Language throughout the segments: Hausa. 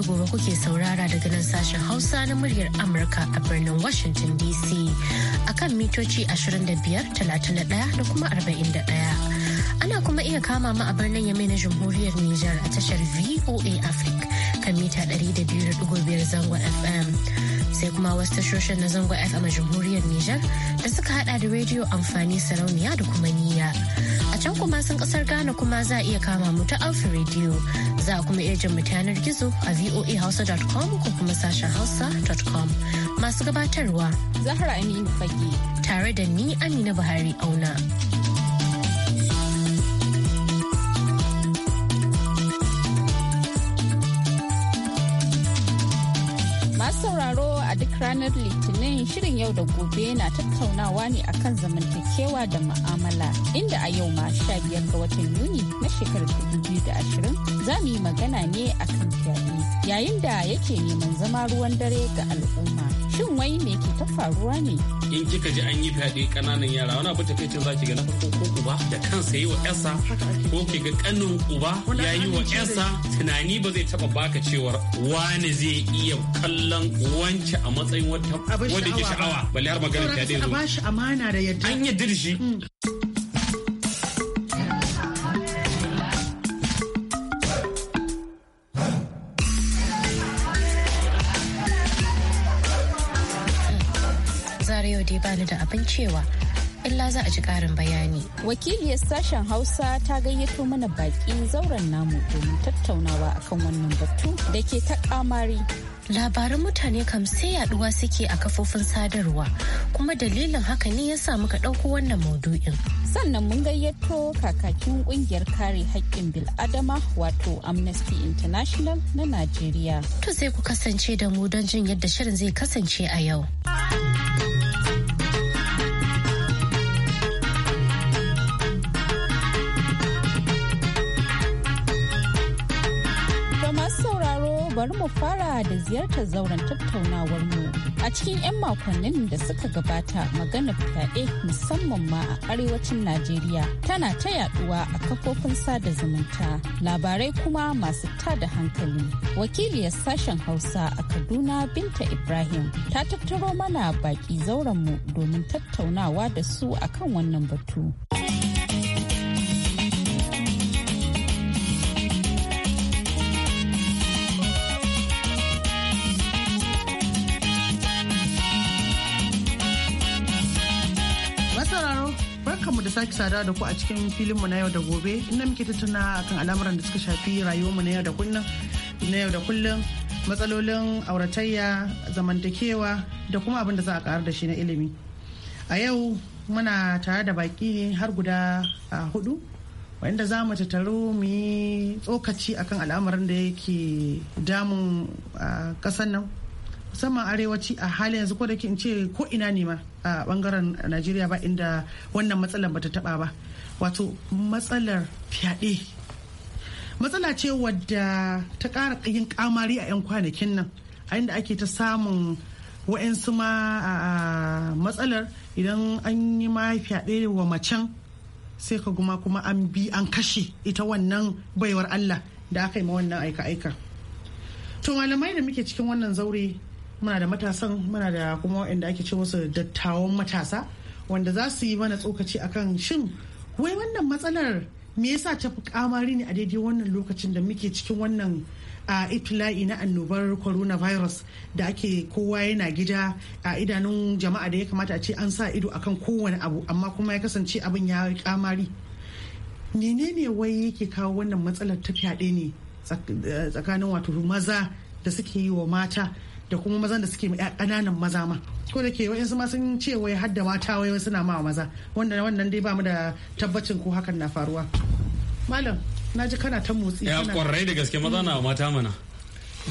da gobe kuke saurara daga nan sashen Hausa na muryar Amurka a birnin Washington DC a kan mitoci 25, 31 da kuma 41. ana kuma iya kama mu a birnin yamai na jamhuriyar Nijar a tashar VOA Africa kan mita 200.5 zango FM. Sai kuma wasu tashoshin na zango FM a jamhuriyar Nijar da suka hada da rediyo amfani sarauniya da kuma niyya. can kuma sun kasar Ghana kuma za a iya kama mu ta Alpha Radio. Za a kuma iya jin mu ta yanar gizo a voahausa.com ko kuma sashen hausa.com. Masu gabatarwa Zahra Aminu Fage tare da ni Amina Buhari Auna. duk ranar Litinin shirin yau da gobe na tattaunawa ne akan zamantakewa da ma'amala inda a yau ma 15 ga watan Yuni na shekarar 2020 za mu yi magana ne a kan fyaɗe yayin da yake neman zama ruwan dare ga al'umma. Shin wai me ke ta faruwa ne? In kika ji an yi fyaɗe ƙananan yara wani abu takaicin za ki ga na farko ko uba da kansa yi wa ƴarsa ko ki ga ƙanin uba ya yi wa ƴarsa tunani ba zai taɓa baka cewar wani zai iya kallon wance a matsayin wata wadda ke sha'awa balle har magana fyaɗe zo. An yadda da shi. Hmm. yau dai bani da abin cewa illa za a ji karin bayani. Wakiliyar sashen Hausa ta gayyato mana baki zauren namu domin tattaunawa akan wannan batu da ke ta kamari. Labaran mutane kam sai yaduwa suke a kafofin sadarwa kuma dalilin haka ne ya sa muka ɗauko wannan maudu'in. Sannan mun gayyato kakakin kungiyar kare haƙƙin bil'adama wato Amnesty International na Najeriya. To sai ku kasance da mu don jin yadda shirin zai kasance a yau. bari mu fara da ziyartar zauren tattaunawar mu. A cikin 'yan makonnin da suka gabata magana fyaɗe musamman ma a arewacin Najeriya tana ta yaduwa a kafofin sada zumunta labarai kuma masu tada hankali. Wakiliyar sashen Hausa a Kaduna Binta Ibrahim ta tattaro mana baki zauren mu domin tattaunawa da su akan wannan batu. da sake sada da ku a cikin filinmu na yau da gobe inda muke tattuna akan al'amuran da suka shafi rayuwarmu na yau da kullum na yau da kullum matsalolin auratayya zamantakewa da kuma abin da za a karar da shi na ilimi a yau muna tare da baki har guda hudu wanda za mu tattaru mu yi tsokaci akan al'amarin da yake damun kasan nan musamman arewaci a halin yanzu ko da in ce ko ina ne ma a bangaren najeriya ba inda wannan matsalar bata taba ba wato matsalar fyaɗe matsala ce wadda ta ƙara yin kamari a 'yan kwanakin nan a inda ake ta samun wa'yansu ma a matsalar idan an yi ma fyaɗe wa macen sai ka guma kuma an bi an kashe ita wannan baiwar allah da aka yi ma wannan aika-aika to malamai da muke cikin wannan zaure muna da matasan muna da kuma inda ake ce wasu dattawan matasa wanda za su yi mana tsokaci akan shin wai wannan matsalar me yasa ta fi kamari ne a daidai wannan lokacin da muke cikin wannan a itila'i na annobar coronavirus da ake kowa yana gida a idanun jama'a da ya kamata a ce an sa ido akan kowane abu amma kuma ya kasance abin ya kamari menene wai yake kawo wannan matsalar ta fyaɗe ne tsakanin wato maza da suke yi wa mata da kuma mazan da suke ƙananan maza ma ko da ke wa'yansu ma sun ce wai har da mata wai suna ma maza wanda wannan dai ba mu da tabbacin ko hakan na faruwa malam na ji kana ta motsi ya kwarai da gaske maza na mata mana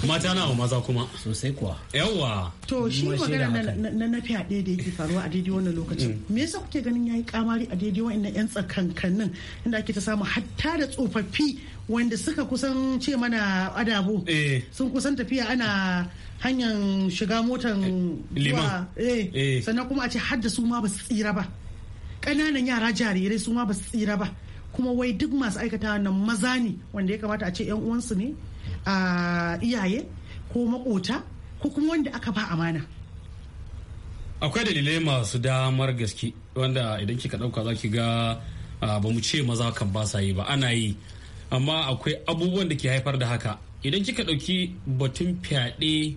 mata na maza kuma sosai kuwa yawa to shi magana na nafiya fyaɗe da yake faruwa a daidai wannan lokacin mm. me yasa kuke ganin yayi kamari a daidai wa'annan yan tsakankanin inda ake ta samu hatta da tsofaffi wanda suka kusan ce mana adabu. Eh. sun kusan tafiya ana hanyar shiga motan eh, liman eh, sannan kuma a ce hadda su ma ba su tsira ba ƙananan yara jarirai su ma ba su tsira ba kuma wai duk masu aikata na maza ne wanda ya kamata a ce yan uwansu ne iyaye ko makota ko kuma wanda aka ba amana akwai dalilai masu damar gaske wanda idan kika dauka za ki ga ba mu ce maza kan ba sa yi ba ana yi amma akwai abubuwan da ke haifar da haka idan kika ɗauki batun fyaɗe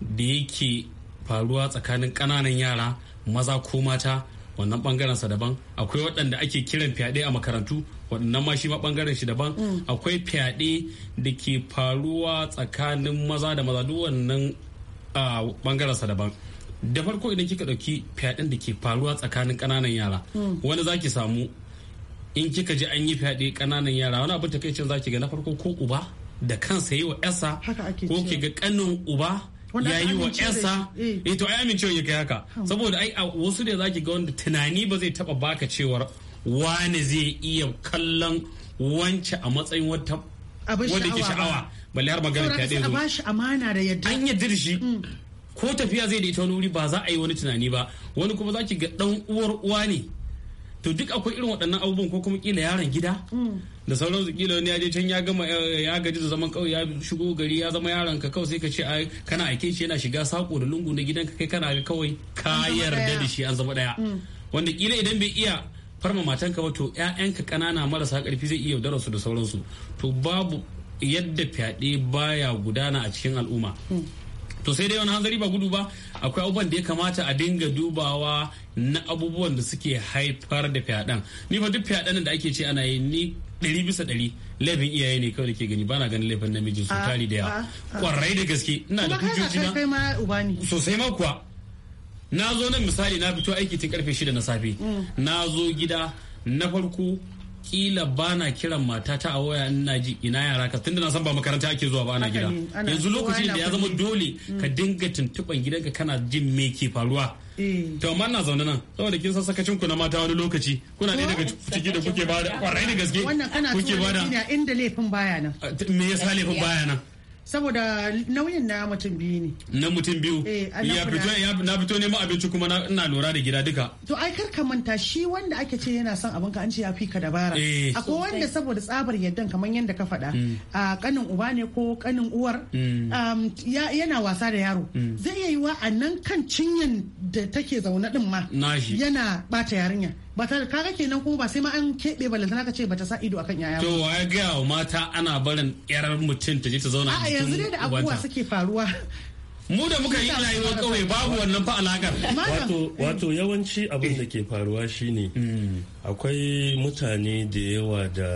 da yake faruwa tsakanin ƙananan yara maza ko mata wannan bangaren sa daban akwai waɗanda ake kiran fyaɗe a makarantu waɗannan ma shi ma bangaren shi daban mm. akwai fyaɗe da ke faruwa tsakanin maza da maza duk wannan bangaren sa daban da farko idan kika ɗauki fyaɗen da ke faruwa tsakanin ƙananan yara mm. wani zaki samu in kika ji an yi fyaɗe ƙananan yara wani abin takaicin zaki ga na farko ko uba da kansa yi wa ƴasa ko ki ga ƙanin uba ya yi wa ƴansa eh. eh to ai amincewa ya kai haka saboda ai wasu da zaki ga wanda tunani ba zai taba baka cewar wani zai iya kallon wance a matsayin wata wanda ke sha'awa balle har magana ta dai zo ba shi amana da yadda an yadda da shi mm. ko tafiya zai da ita wani wuri ba za a yi wani tunani ba wani kuma zaki ga dan uwar uwa ne to duk akwai irin waɗannan abubuwan ko kuma kila yaron gida mm. da sauran su kila wani ya je can ya gama eh, ya gaji da zaman kawai ya shigo gari ya zama yaron ka kawai sai ka ce ai kana aike shi yana shiga sako da lungu na gidanka kai kana ga kawai ka yarda da shi an zama daya mm. wanda kila idan bai iya farma matanka to ƴaƴanka ƙanana marasa karfi zai iya su da sauransu to babu yadda fyaɗe baya gudana a cikin al'umma mm. to sai dai wani hanzari ba gudu ba akwai abubuwan da ya kamata a dinga dubawa na abubuwan da suke haifar da fyaɗen ni fa duk fyaɗen da ake ce ana yi ni ɗari bisa ɗari laifin iyaye ne kawai da ke gani bana ganin laifin namiji su ah, tari da yawa ƙwarai ah, ah. da gaske ina da hujjoji na sosai ma kuwa na zo nan misali na fito aiki tun karfe shida na safe mm. na zo gida na farko kila bana na kiran matata a waya ina ji ina yara ka tunda na san ba makaranta ake zuwa ba ana gida yanzu lokacin da ya zama dole ka mm. dinga tuntuban gidanka kana jin me ke faruwa Eh. to amma na zaune nan saboda kin san sakacin ku na mata wani lokaci kuna ne daga ciki da kuke bada kwarai da gaske kuke bada inda laifin baya nan me yasa laifin baya nan saboda nauyin na mutum biyu ne na mutum biyu eh, na fito neman abinci kuma ina lura da gida duka to ai kar manta shi wanda ake ce yana son abinka an ce ya fi ka dabara eh. akwai wanda saboda tsabar yardan kamar yadda ka faɗa mm. a kanin uba ne ko kanin uwar mm. yana wasa da yaro mm. zai yi wa a nan kan cinyan da take zaune din ma yana bata yarinya bata ta kaga kenan ko ba sai ma an keɓe balantana ka ce ba ta sa ido akan yaya to ya ga wa mata ana barin yar mutum ta je ta zauna a yanzu dai da abubuwa suke faruwa mu da muka yi rayuwar kawai babu wannan fa alakar wato wato yawanci abin da ke faruwa shine mm. akwai mutane da yawa da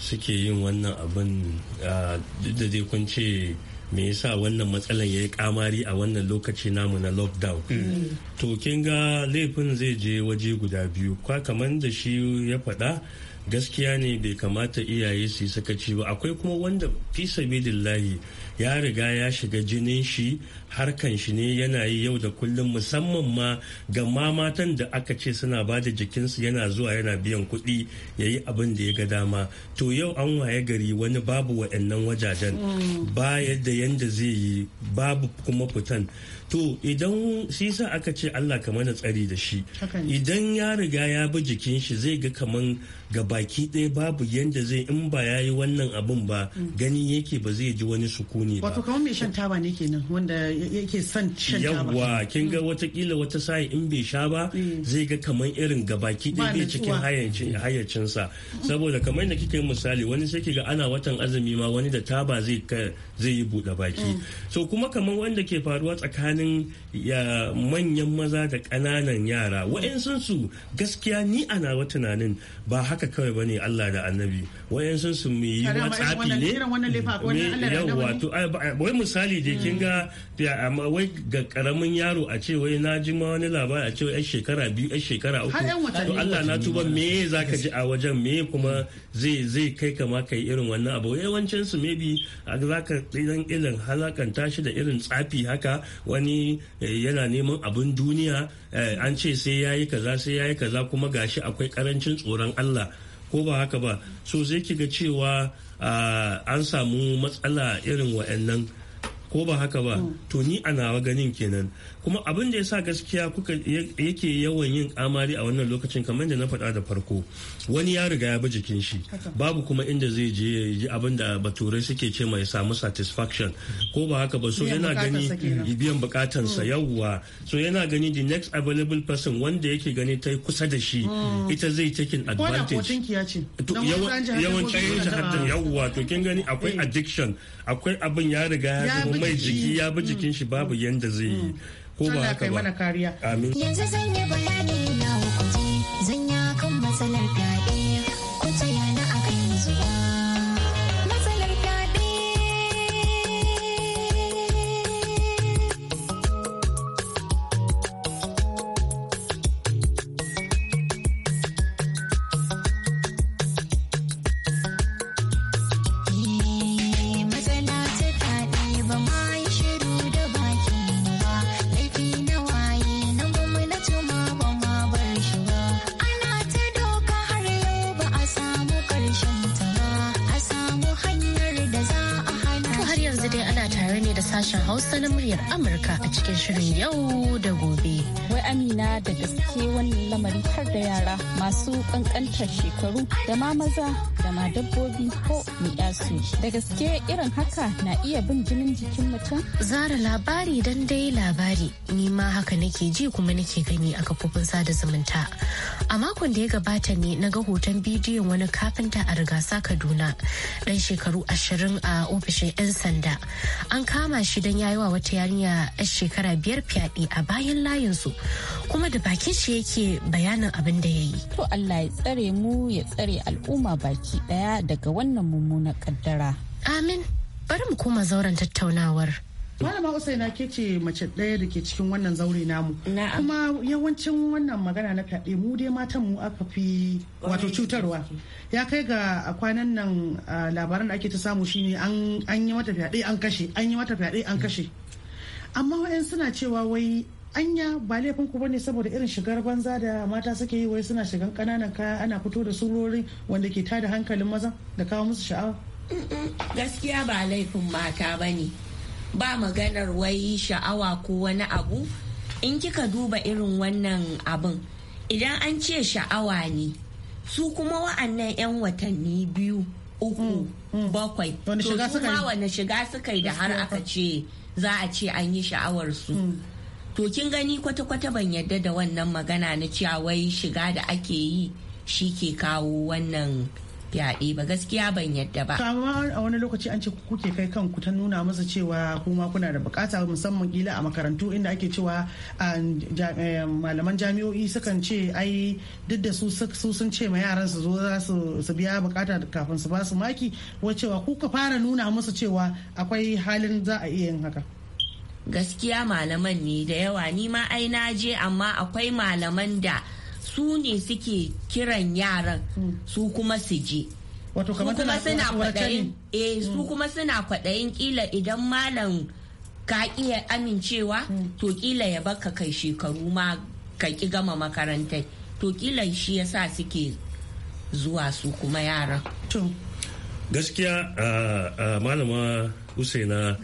suke yin wannan abin ah, da dai kun ce me yasa wannan matsalar ya yi kamari a wannan lokaci namu na lockdown mm. to kin ga laifin zai je waje guda biyu kwa da shi ya faɗa gaskiya ne bai kamata iyaye su yi sakaci ba akwai kuma wanda fi sabidillahi ya riga ya shiga jinin shi harkan shi ne yana yi yau da kullum musamman ma ga matan da aka ce suna ba da jikinsu yana zuwa yana biyan kuɗi ya yi abin da ya ga dama to yau an waye gari wani babu wa'annan wajajen mm. ba yadda yanda zai yi babu kuma fitan to idan shi sa aka ce Allah kamar na tsari da shi idan ya riga ya bi jikin shi zai ga kaman ga baki ɗaya babu yadda zai in ba ya yi wannan abin ba mm. gani yake ba zai ji wani sukuni ba wato kamar mai shan taba ne kenan wanda yake son shan taba yawwa kin ga mm. watakila wata sai in bai sha ba mm. zai ga kamar irin gabaki ɗaya bai cikin mm. sa saboda kamar da kike misali wani sai ki ga ana watan azumi ma wani da taba zai zai yi buɗe baki so kuma kamar wanda ke faruwa tsakanin manyan maza da ƙananan yara wa'yansu su gaskiya ni ana wa tunanin ba haka kawai bane Allah da Annabi wa'yansu su mai yi watsafi ne yawwa to wai misali da kin ga ya amma wai ga karamin yaro a ce wai na ji ma wani labari a ce wai shekara biyu yan shekara uku to Allah na tuba me za ka ji a wajen me kuma zai zai kai kama kai irin wannan abu yawancin su maybe za ka dan irin halakanta shi da irin tsafi haka wani eh, yana neman abun duniya eh, an ce sai yayi kaza sai yayi kaza kuma gashi akwai karancin tsoron Allah ko ba haka ba so zai kiga cewa ah, an samu matsala irin wa'annan ko ba haka ba mm. to ni a nawa ganin kenan kuma abin da ya sa gaskiya kuka yake yawan yin amari a wannan lokacin kamar da na faɗa da farko wani ya riga ya bi jikin shi babu kuma inda zai je ya yi abin da baturai suke ce mai samu satisfaction ko ba haka ba so yana gani mm, biyan bukatansa mm. yawwa so yana gani the next available person wanda yake gani ta kusa da shi ita zai taking advantage yawan tsayin jihar yawwa to kin gani akwai eh. addiction akwai abin ya riga ya zama mai jiki ya bi jikin shi babu yanda zai yi ko ba haka ba amin yanzu zan yi bayani na hukunci Amurka a cikin shirin yau da gobe. Wai Amina da gaske wani lamari har da yara masu kankantar shekaru da ma maza da ma dabbobi ko su Da gaske irin haka na iya bin jinin jikin mutum? Zara labari dan dai labari. Ni ma haka nake ji kuma nake gani a kafofin sada zumunta. a makon da ya gabata ne na ga hoton bidiyon wani kafinta a rigasa kaduna dan shekaru ashirin a ofishin 'yan sanda an kama shi don yayi wa wata yarinya 'yan shekara biyar fyaɗe a bayan layinsu kuma da bakin shi yake bayanin abin da ya yi to allah ya tsare mu ya tsare al'umma baki daya daga wannan mummunar kaddara amin bari mu koma zauren tattaunawar malama usaina ke ce mace ɗaya da ke cikin wannan zaure namu kuma yawancin wannan magana na fyaɗe mu dai matan mu aka fi wato cutarwa ya kai ga kwanan nan labaran da ake ta samu shine an yi mata fyaɗe an kashe an yi mata fyaɗe an kashe amma wa'yan suna cewa wai anya ba laifin ku bane saboda irin shigar banza da mata suke yi wai suna shigan kananan kaya ana fito da surorin wanda ke tada hankalin maza da kawo musu sha'awa gaskiya ba laifin mata bane ba maganar wai sha'awa ko wani abu in kika duba irin wannan abin idan an ce sha'awa ne su kuma wa'annan 'yan watanni biyu uku mm, mm. bakwai to su wani shiga suka yi da har aka ce za a ce an yi sha'awar su mm. to kin gani kwata-kwata ban yadda da wannan magana na cewa wai shiga da ake yi shi ke kawo wannan fyaɗe ba gaskiya ban yadda ba. Kama a wani lokaci an ce kuke kai kanku ta nuna musu cewa kuma kuna da bukata musamman kila a makarantu inda ake cewa eh, malaman jami'o'i sukan ce ai duk da su sun ce ma yaran su zo za su biya bukata kafin su ba su maki wacewa kuka fara nuna musu cewa akwai halin za a iya yin haka. Gaskiya malaman ne da yawa ni ma ai na je amma akwai malaman da su ne suke kiran yaran su kuma su je su eh, hmm. kuma suna kwaɗayin kila idan malam ka iya amincewa hmm. to kila ya baka kai shekaru ma ka ki gama makarantai to kila shi ya sa suke zuwa su kuma yaran gaskiya ah, ah, malama usaina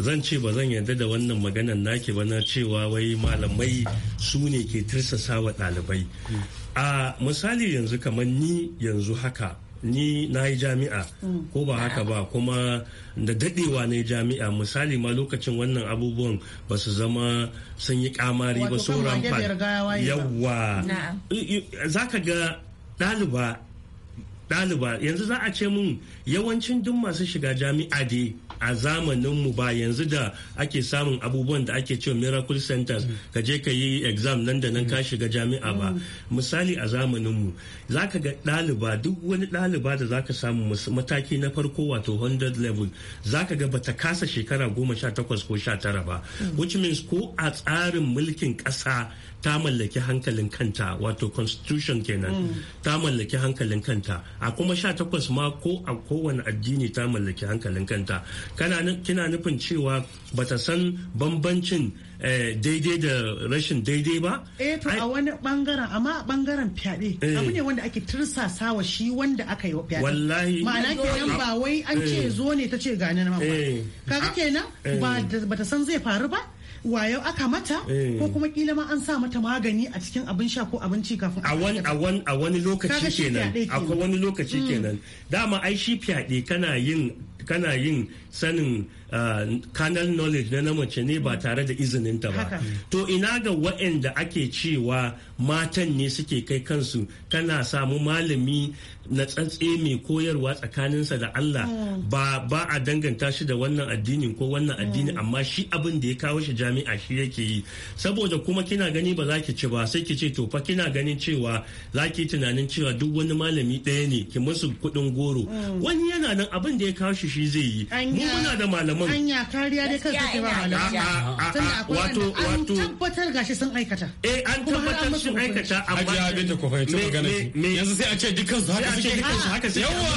zan ce ba zan yarda da wannan maganan naki ba na cewa wai malamai su ne ke tirsasa wa ɗalibai a misali yanzu kamar ni yanzu haka ni na yi jami'a ko ba haka ba kuma da dadewa na yi jami'a misali ma lokacin wannan abubuwan ba su zama sun yi kamari ba sauran yawa za ka ga ɗaliba yanzu za a ce mun yawancin duk masu shiga jami'a dai a zamanin mu ba yanzu da ake samun abubuwan da ake cewa miracle centers mm. ka je ka yi exam nan da nan ka mm. shiga jami'a ba mm. misali a zamanin mu zaka ga ɗaliba duk wani ɗaliba da zaka samu mataki na farko wato 100 level zaka ga bata kasa shekara goma sha takwas ko sha tara ba which means ko a tsarin mulkin ƙasa ta mallaki hankalin kanta wato constitution kenan mm. ta mallaki hankalin kanta a kuma sha takwas ma ko a kowane addini ta mallaki hankalin kanta kina nufin cewa bata san bambancin eh, daidai da rashin daidai ba? Eh to a wani bangaren amma a bangaren fyaɗe eh. abu ne wanda ake tursasawa shi wanda aka yi wa fyaɗe. Wallahi. Ma'ana kenan ba wai an ce eh. zo ne ta ce gani na ba. Kaga kenan ba ta san zai faru ba wayo aka mata ko eh. kuma kila ma an sa mata magani a cikin abin sha ko abinci kafin a wani a wani a wani lokaci kenan akwai wani lokaci mm. kenan dama ai shi fyaɗe kana yin kana yin sanin kanal uh, knowledge na mace ne ba tare da izininta ba to ina ga waɗanda ake cewa matan ne suke kai kansu kana samu malami na tsantse mai koyarwa tsakaninsa da Allah hmm. ba ba a danganta shi da wannan addinin ko wannan addini hmm. amma shi abin da ya kawo shi jami'a shi yake yi saboda kuma kina gani ba za ki ci ba sai ki ce to fa kina ganin cewa za ki tunanin cewa duk wani malami ɗaya ne ki musu kuɗin goro hmm. wani yana nan abin da ya kawo shi shi zai yi mu muna da malaman anya kariya dai kan suke ba malaman tunda akwai wato wato tabbatar gashi sun aikata eh an tabbatar sun aikata amma ajiya abin da ku fahimci magana yanzu sai a ce dukkan su haka sai dukkan su haka sai yawa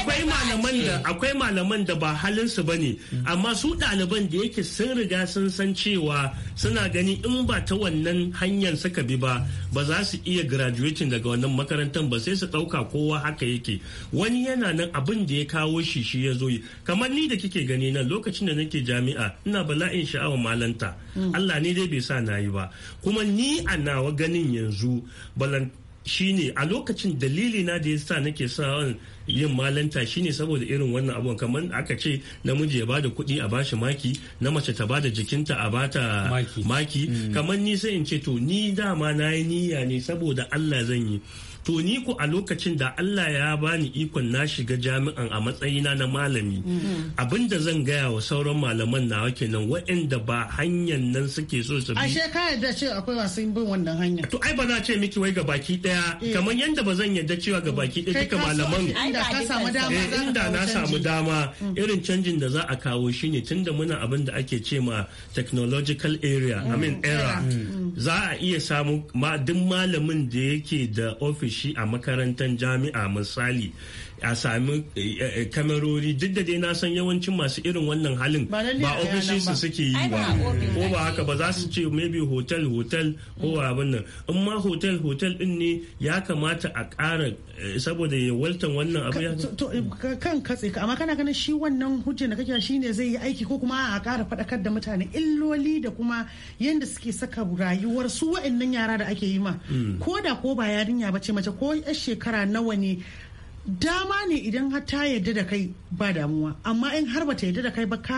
akwai malaman da akwai malaman da ba halin su bane hmm. amma su ɗaliban da yake sun riga sun san cewa suna gani in ba ta wannan hanyar suka bi ba ba za su iya graduating daga wannan makarantar ba sai su ɗauka kowa haka yake wani yana nan abin da ya kawo shi musulunci shi ya zo yi kamar ni da kike gani nan lokacin da nake jami'a ina bala'in sha'awa malanta mm. Allah ne dai bai sa na yi ba kuma ni a nawa ganin yanzu balan shine a lokacin dalili na da yasa nake sa yin malanta shine saboda irin wannan abun kamar aka ce namiji ya bada kuɗi a bashi maki na mace ta bada jikinta a bata maki mm. kamar ni sai in ce to ni dama na yi niyya ne saboda Allah zan yi to ni ku a lokacin da Allah ya bani ikon na shiga jami'an a matsayina na malami mm-hmm. abin da zan gaya wa sauran malaman na wake nan waɗanda ba hanyar nan suke so su bi ashe ka yarda cewa akwai wasu bin wannan hanya to ai ba na ce miki wai gabaki daya eh. kamar yadda ba zan yarda cewa gabaki daya duka malaman inda eh, na samu dama mm. irin canjin da za a kawo shine tunda muna abin da ake ce ma technological area i mm. mean era mm. za a iya samu ma duk malamin da yake da office shi a makarantar jami'a misali a sami eh, eh, kamarori duk da dai na san yawancin masu irin wannan halin ba su suke yi ba ko ba haka ba za su ce maybe hotel hotel ko mm. abin nan in ma hotel hotel din ne ya kamata a ƙara eh, saboda ya waltan wannan abu ya kan katse amma kana ganin shi wannan hujja da kake shi ne zai yi aiki ko kuma a kara faɗakar da mutane illoli da kuma yanda suke saka rayuwar su wa'annan yara da ake yi ma mm. ko da ko ba yarinya ba mace ko 'yar shekara nawa ne dama ne idan har ta yarda da kai ba damuwa amma in har ta yarda da kai ba ka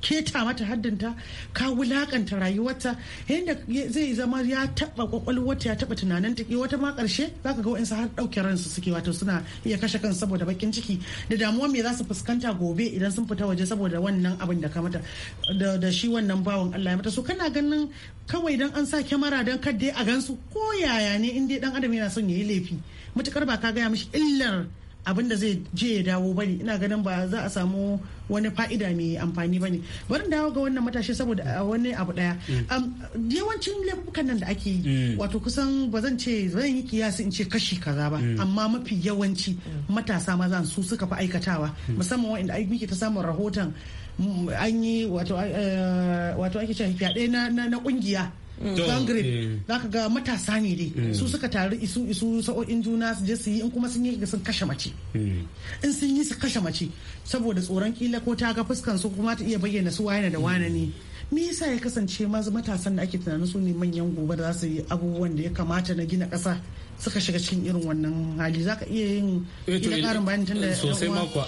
keta mata haddinta ka wulakanta rayuwarta yadda zai zama ya taba kwakwalwarta ya taba tunanin ta eh, wata ma karshe zaka ga wa'ansu har dauke ransu suke wato suna iya kashe kan saboda bakin ciki da damuwa mai za su fuskanta gobe idan sun fita waje saboda wannan abin da ka mata da shi wannan bawan Allah ya mata so kana ganin kawai dan an sa kyamara dan kadda a gansu ko yaya ne in dai dan adam yana son ya yi laifi matukar ba ka gaya mishi illar abin da zai je ya dawo bane ina ganin ba za a samu wani fa'ida mai amfani ba ne barin dawo ga wannan matashi saboda wani abu daya mm. yawancin laifukan nan da ake mm. wato kusan ba zan ce zan yi kiyasi in ce kashi kaza ba mm. amma mafi yawanci matasa maza su suka fi aikatawa musamman wa'anda muke ta samun rahoton an yi eh, wato ake cewa fyaɗe na kungiya downgrade eh. za ka ga matasa ne dai eh. su suka taru isu isu sa'o'in juna su je su yi in kuma sun yi sun kashe mace eh. in sun yi su kashe mace saboda tsoron kila ko ta ga fuskan su kuma ta iya bayyana su wayana da wane ne me yasa ya kasance mazu matasan da ake tunanin su ne manyan gobe da za su yi abubuwan da ya kamata na gina ƙasa suka shiga cikin irin wannan hali za ka iya yin ƙarin bayanin tun da sosai makwa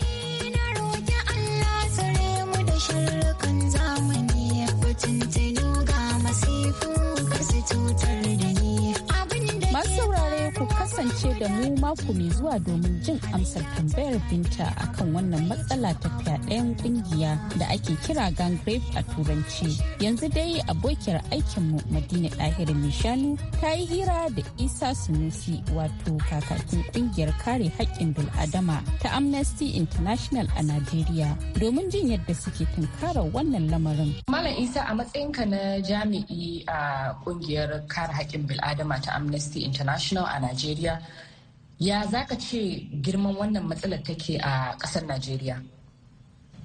da mu mako mai zuwa domin jin amsar tambayar binta akan wannan matsala ta fyaɗayan ƙungiya da ake kira gang a turanci yanzu dai abokiyar aikinmu madina ɗahir mishanu ta yi hira da isa sunusi wato kakakin ƙungiyar kare haƙƙin bil'adama ta amnesty international a najeriya domin jin yadda suke tunkarar wannan lamarin malam isa a matsayinka na jami'i a ƙungiyar kare haƙƙin bil'adama ta amnesty international a najeriya ya za ka ce girman wannan matsalar take a ƙasar najeriya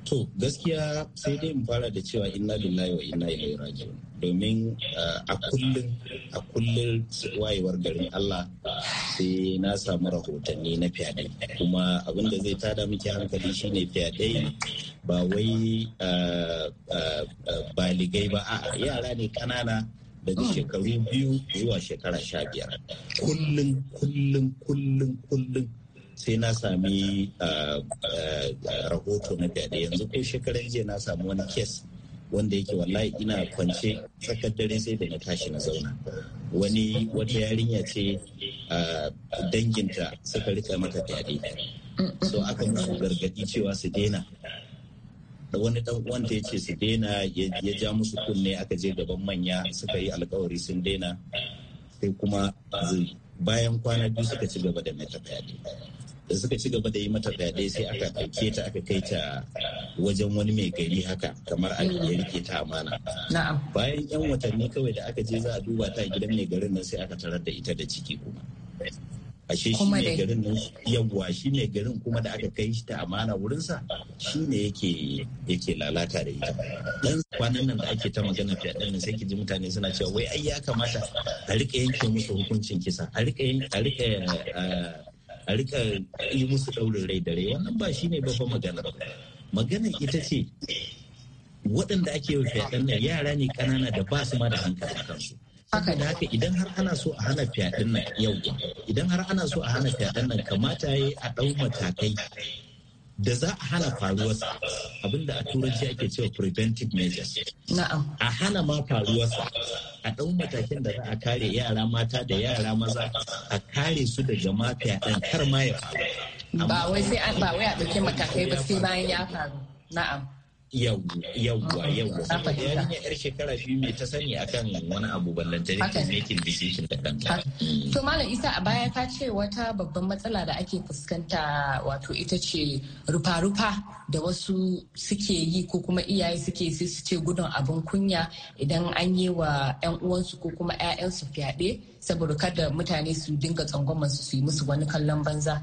to gaskiya sai dai mu fara da cewa inna lillahi wa inna ilaihi raji'un domin eh, a kullum a kullum wayewar garin Allah sai na samu rahotanni na fyaɗe kuma abin da zai tada miki hankali shine fyaɗe ba wai eh, eh, baligai ba a'a yara ne kanana daga shekaru biyu zuwa shekara sha biyar kullum kullum kullum kullum sai na sami ah, ah, ah, rahoto na fyaɗe yanzu ko shekaran jiya na samu wani kes wanda yake wallahi ina kwance tsakar dare sai da na tashi na zauna wani wata yarinya ce danginta suka rika mata fyaɗe so aka musu gargaɗi cewa su daina da wani dan uwanta ya ce su dena ya ja musu kunne aka je gaban manya suka yi alkawari sun dena sai kuma ah, bayan kwana biyu suka ci gaba da mata fyaɗe da suka ci gaba da yi mata fyaɗe sai aka ɗauke ta aka kai ta wajen wani mai gari haka kamar an ya rike ta amana bayan yan watanni kawai da aka je za a duba ta gidan mai garin nan sai aka tarar da ita da ciki kuma ashe shi ne garin nan yawwa shi ne garin kuma da aka kai shi ta amana wurinsa shi ne yake lalata da ita dan kwanan nan da ake ta magana fiye nan sai ki ji mutane suna cewa wai ai ya kamata a rika yanke musu hukuncin kisa a rika a rika a rika yi musu daurin rai da rai wannan ba shi ne babban magana magana ita ce waɗanda ake yi fiye nan yara ne kanana da ba su ma da hankali kansu haka da haka idan har ana so a hana fyaɗin nan yau idan har ana so a hana fyaɗin nan kamata ya yi a ɗau matakai da za a hana faruwarsa abinda a turanci ake cewa preventive measures a hana ma faruwarsa a ɗau matakin da za a kare yara mata da yara maza a kare su daga ma fyaɗin kar ma ya faru ba wai a ɗauki matakai ba sai bayan ya faru na'am yawwa yawwa mm. yawwa yarinya yar shekara biyu mai ta sani akan wani abu ballanta ne ke making decision da kanta mm. to malam isa a baya ka ce wata babban matsala da ake fuskanta wato ita ce rufa-rufa da wasu suke yi ko kuma iyaye suke sai su ce gudun abin kunya idan an yi wa 'yan uwansu ko kuma 'ya'yansu fyaɗe saboda kada mutane su dinga tsangwamansu su yi musu wani kallon banza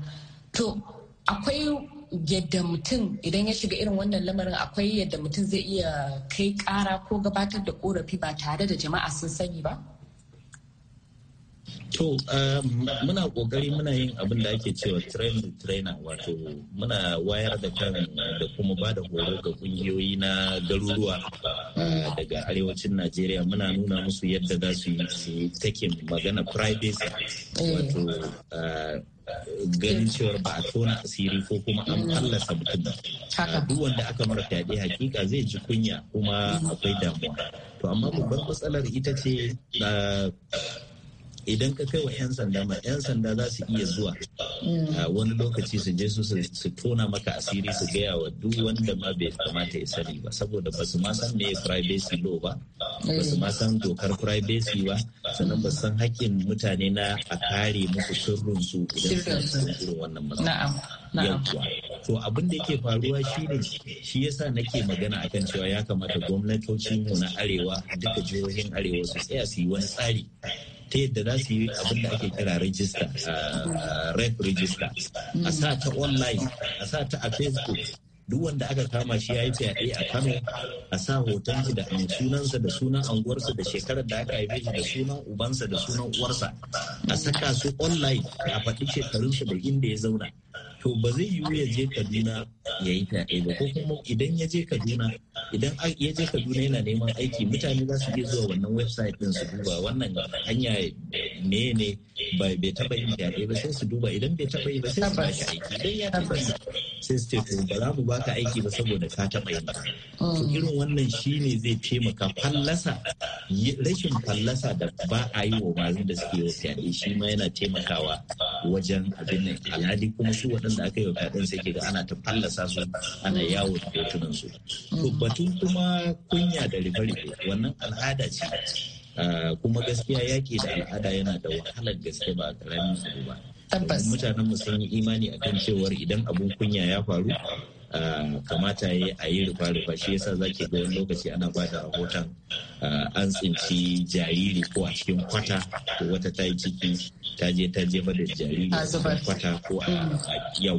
to akwai yadda mutum idan ya shiga irin wannan lamarin akwai yadda mutum zai iya kai kara ko gabatar da korafi ba tare da jama'a sun sani ba? To, um, muna ƙoƙari muna yin abin da ake cewa train the trainer wato muna wayar da kan da kuma ba da horo ga ƙungiyoyi na garuruwa uh, daga arewacin Najeriya muna nuna musu yadda za su yi take magana private eh. wato uh, ganin cewar ba a tona asiri ko kuma an fallasa mutum ah, duk wanda aka mara fyaɗe hakika zai ji kunya kuma akwai damuwa to amma babbar matsalar ita ce ah, idan ka kai wa 'yan sanda ma 'yan sanda za su iya zuwa mm. a ah, wani lokaci su je su su tona maka asiri su gaya wa duk wanda ma bai kamata ya sani ba saboda ba su ma san me privacy law ba ba su ma san dokar privacy ba sannan ba san hakkin mutane na a kare musu sirrin su idan su san irin wannan matsala to abin da yake faruwa shine shi yasa nake magana akan cewa ya kamata mu na arewa duka jihohin arewa su tsaya su yi wani tsari ta yadda za su yi abin da ake kira rejista ah, rep rejista a sa ta online a sa ta a facebook duk wanda aka kama shi ya yi fyaɗe a kano a sa hoton shi da sunansa da sunan anguwarsa da shekarar da aka haife shi da sunan ubansa da sunan uwarsa a saka su online a faɗi shekarunsa da inda ya zauna to ba zai yiwu ya je kaduna ya yi fyaɗe ba ko kuma idan ya je kaduna idan ya je kaduna yana neman aiki mutane za su iya zuwa wannan website din su duba wannan hanya ne ne bai taɓa yin fyaɗe ba sai su duba idan bai taɓa yi ba sai su ba shi aiki idan ya taɓa yi sai su ce to ba za mu baka aiki ba saboda ka taɓa yi to mm. irin wannan shi ne zai taimaka fallasa rashin fallasa da ba a yi wa mazin da suke yi fyaɗe shi ma yana taimakawa wajen abin nan kuma su waɗanda da aka yi wa sai ke ga ana ta fallasa su ana yawo da hotunan su to batun kuma kunya da ribe wannan al'ada ce ah, kuma gaskiya yaƙi da al'ada yana da wahalar gaske ba a karamin su ba mutanen mu sun imani akan cewar idan abun kunya ya faru kamata a yi rufa-rufa shi yasa za ki ga lokaci ana ba da rahoton an tsinci jariri ko a cikin kwata ko wata ta yi ciki ta je ta jefa da jariri a kwata ko a mm. yau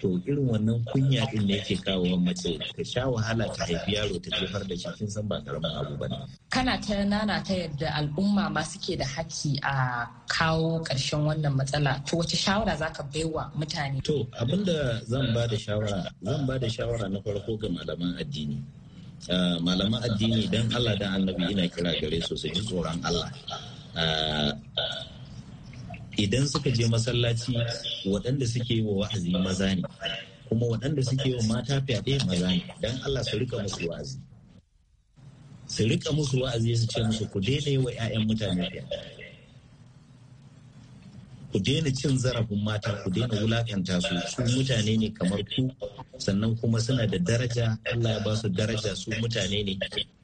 to irin wannan kunya din ne yake kawo mace ta sha wahala ta haifi yaro ta jefar da shi kin san ba karamin abu ba kana ta nana ta yadda al'umma ma suke da haƙƙi a kawo ƙarshen wannan matsala to wace shawara zaka baiwa mutane to abinda zan ba da shawara zan ba da shawara na farko ga malaman addini ah, malaman addini don allah dan annabi ina kira gare su su ji tsoron allah ah, idan suka je masallaci waɗanda suke yi wa wa'azi maza ne kuma waɗanda suke wa mata fyaɗe maza ne don allah su rika musu wa'azi su rika musu wa'azi su ce musu ku daina wa 'ya'yan mutane fyaɗe ku daina cin zarafin mata ku daina wulakanta su su mutane ne kamar ku sannan kuma suna da daraja Allah ya ba su daraja su mutane ne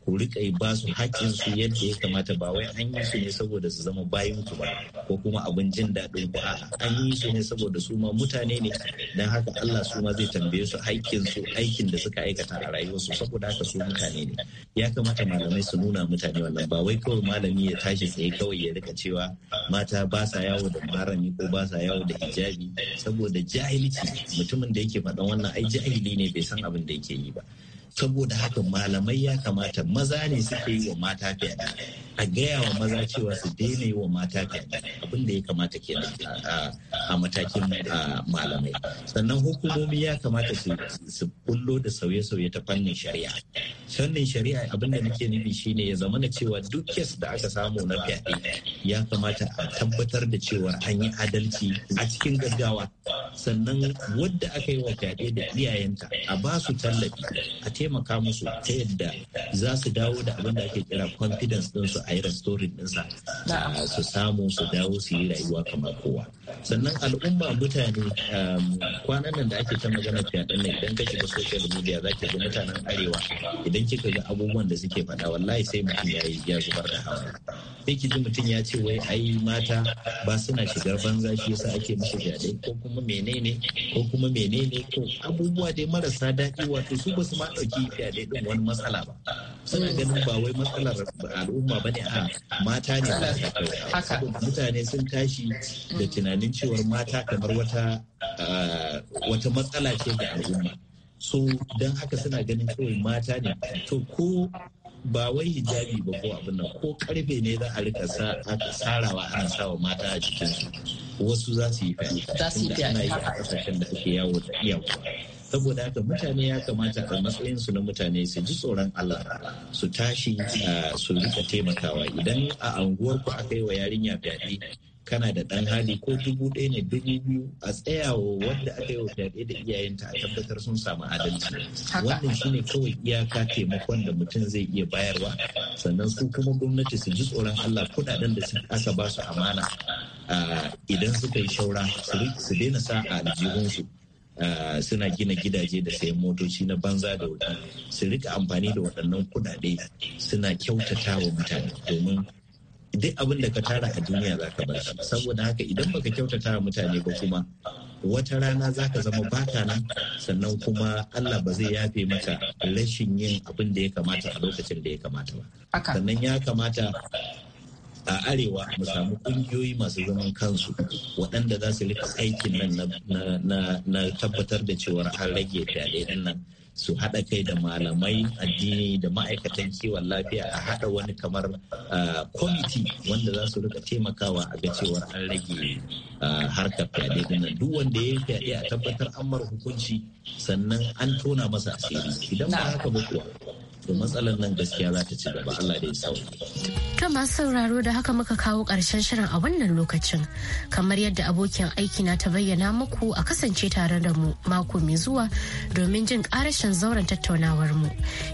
ku rika ba su haƙƙin su yadda ya kamata ba wai an yi su ne saboda su zama bayan ku ba ko kuma abin jin daɗin ku a'a an yi su ne saboda su ma mutane ne dan haka Allah su ma zai tambaye su haƙƙin su aikin da suka aikata a rayuwar su saboda haka su mutane ne ya kamata malamai su nuna mutane wannan ba wai kawai malami ya tashi tsaye kawai ya rika cewa mata ba sa yawo da marami ko ba sa yawo da hijabi saboda jahilci mutumin da yake faɗan wannan ai jahili ne bai san abin da yake yi ba saboda haka malamai ya kamata maza ne suke yi wa mata fyaɗe a gaya wa maza cewa su daina yi wa mata fyaɗe abin da ya kamata ke a matakin malamai sannan hukumomi ya kamata su bullo da sauye-sauye ta fannin shari'a fannin shari'a abin da nake nufi shine ya zama na cewa duk kes da aka samu na fyaɗe ya kamata a tabbatar da cewa an yi adalci a cikin gaggawa sannan wadda aka yi wa fyaɗe da iyayenta a ba su tallafi a taimaka musu ta yadda za su dawo da abin da ake kira confidence ɗinsu a yi restoring ɗinsa su samu su dawo su yi rayuwa kamar kowa sannan al'umma mutane um, kwanan nan da ake ta magana fyaɗen nan idan ka shiga social media za ka ga mutanen arewa idan kika ga abubuwan da suke faɗa wallahi sai mutum ya yi ya zubar da hawa sai ki ji mutum ya ce wai ai mata ba suna shigar banza shi yasa ake musu fyaɗe ko kuma menene ko kuma menene ko abubuwa dai marasa daɗi wato su ba su ma ɗauki fyaɗe ɗin wani matsala ba suna ganin ba wai matsalar al'umma ba ne a mata ne ba mutane sun tashi da tunani tunanin cewar mata kamar wata matsala ce ga al'umma so don haka suna ganin kawai mata ne to ko ba wai hijabi ba ko abin nan ko karfe ne za a rika sarawa ana sawa mata a su wasu za su yi fyaɗe ana yi a kasashen da ake yawo da iyawa saboda haka mutane ya kamata a matsayin su na mutane su ji tsoron Allah su tashi su rika taimakawa idan a anguwar ku aka yi wa yarinya fyaɗe kana da ɗan hali ko dubu ɗaya ne dubu biyu a tsayawa wanda aka yi wa fyaɗe da iyayenta a tabbatar sun samu adalci wannan shine kawai iyaka taimakon da mutum zai iya bayarwa sannan su kuma gwamnati su ji tsoron Allah kuɗaɗen da aka ba su amana idan suka yi shaura su daina sa a aljihunsu suna gina gidaje da sayan motoci na banza da wuta su rika amfani da waɗannan kuɗaɗe suna kyautatawa mutane domin duk abin da ka tara a duniya za ka bar saboda haka idan baka kyautata wa mutane ba kuma wata rana za ka zama baka nan sannan kuma Allah ba zai yafe maka rashin yin abin da ya kamata a lokacin da ya kamata ba sannan ya kamata a arewa mu samu kungiyoyi masu zaman kansu waɗanda za su rika aikin nan na tabbatar da cewa an rage fyaɗe nan su haɗa kai da malamai addini da ma'aikatan kiwon lafiya a haɗa wani kamar kwamiti wanda za su rika taimakawa a ga cewar an rage harkar fyaɗe ɗin duk wanda ya yi fyaɗe a tabbatar an mara hukunci sannan an tona masa asiri idan ba haka ba kuwa to matsalar nan gaskiya za ta ci gaba Allah da ya sauke. Ta masu sauraro da haka muka kawo ƙarshen shirin a wannan lokacin kamar yadda abokin aiki na ta bayyana muku a kasance tare da mu mako mai zuwa domin jin ƙarashin zauren tattaunawar mu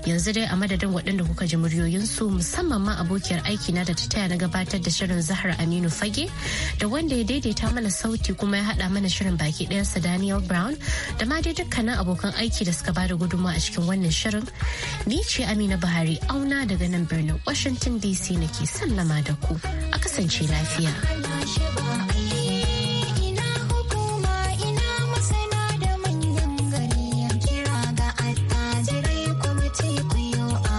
yanzu dai a madadin waɗanda kuka ji muryoyinsu musamman ma abokiyar aiki na da ta taya na gabatar da shirin Zahra Aminu Fage da wanda ya daidaita mana sauti kuma ya haɗa mana shirin baki ɗayansa Daniel Brown da ma dai dukkanin abokan aiki da suka bada gudunmawa a cikin wannan shirin ni ce ce Amina Buhari auna daga nan birnin Washington DC nake sallama da ku. A kasance lafiya.